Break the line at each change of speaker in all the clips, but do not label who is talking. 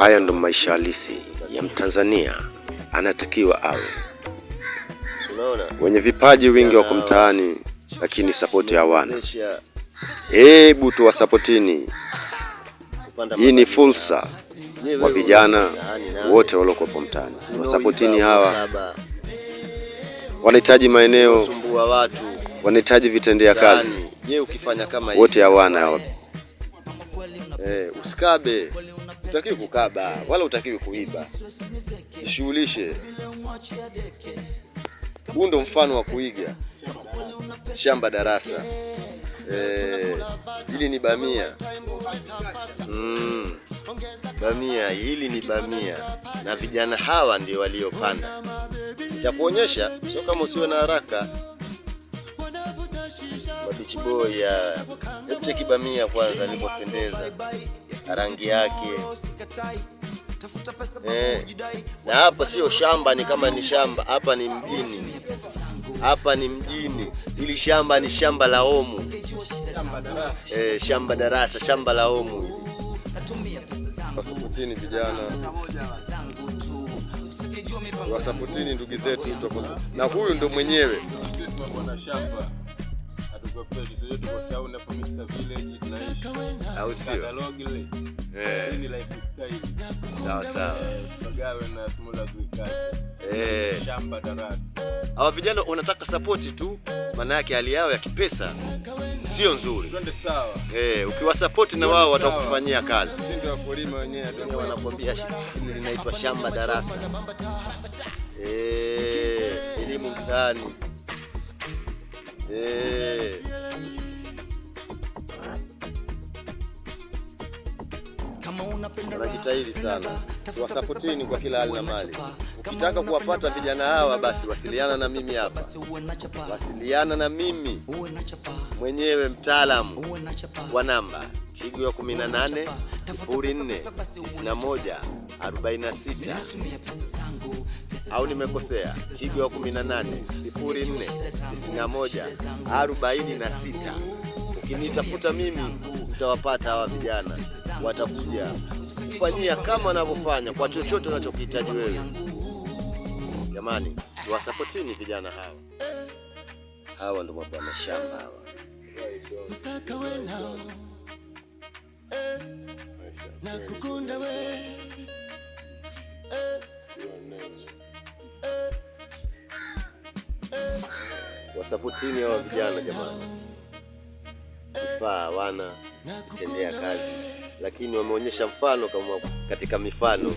Haya ndo maisha halisi ya Mtanzania anatakiwa awe. Wenye vipaji wingi wako mtaani, lakini sapoti hawana. Hebu tuwasapotini. Hii ni fursa kwa vijana wote waliokuwepo mtaani, wasapotini hawa. Wanahitaji maeneo, wanahitaji vitendea yaani, kazi, wote hawana hawa.
Eh, usikabe Utakiwi kukaba wala utakiwi kuiba, jishughulishe. Huu ndo mfano wa kuiga shamba darasa. Eh, hili ni bamia mm, bamia hili ni bamia, na vijana hawa ndio waliopanda. kuonyesha sio kama usiwe na haraka. Mabichi boya, hebu cheki bamia kwanza, nipopendeza na rangi yake eh. Na hapa sio shamba, ni kama ni shamba, hapa ni mjini, hapa ni mjini. Hili shamba ni shamba la omu eh, shamba darasa, shamba la omu.
Wasaputini vijana, Wasaputini ndugu zetu, na huyu ndo mwenyewe shamba kwa yetu
Mr Village au sio?
Eh. Eh. Hawa vijana unataka sapoti tu, maana yake hali yao ya kipesa sio nzuri. Eh, ukiwasapoti na wao watakufanyia kazi.
Wanakuambia hili linaitwa shamba darasa, eh, elimu mtaani. Eh.
wanajitahidi sana, wasapotini kwa kila hali na mali. Ukitaka kuwapata vijana hawa, basi wasiliana na mimi hapa, wasiliana na mimi mwenyewe mtaalamu wa namba Kigo 18 04 61 46 au nimekosea? Kigo ya 18 04 61 46. Ukinitafuta mimi utawapata hawa vijana watakuja kufanyia kama wanavyofanya kwa chochote unachokihitaji wewe. Jamani, tuwasapotini vijana hawa, hawa ndio mabwana mashamba hawa. Nakukunda we wasapotini hawa vijana jamani, vifaa wana kutendea kazi lakini wameonyesha mfano kama katika mifano.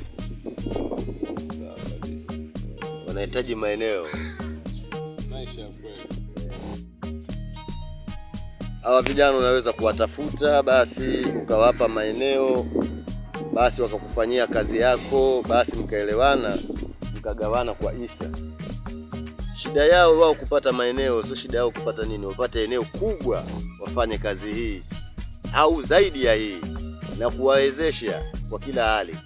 Wanahitaji maeneo hawa vijana, unaweza kuwatafuta basi ukawapa maeneo basi wakakufanyia kazi yako, basi mkaelewana, mkagawana kwa isa. Shida yao wao kupata maeneo, sio shida yao kupata nini, wapate eneo kubwa wafanye kazi hii au zaidi ya hii na kuwawezesha kwa kila hali.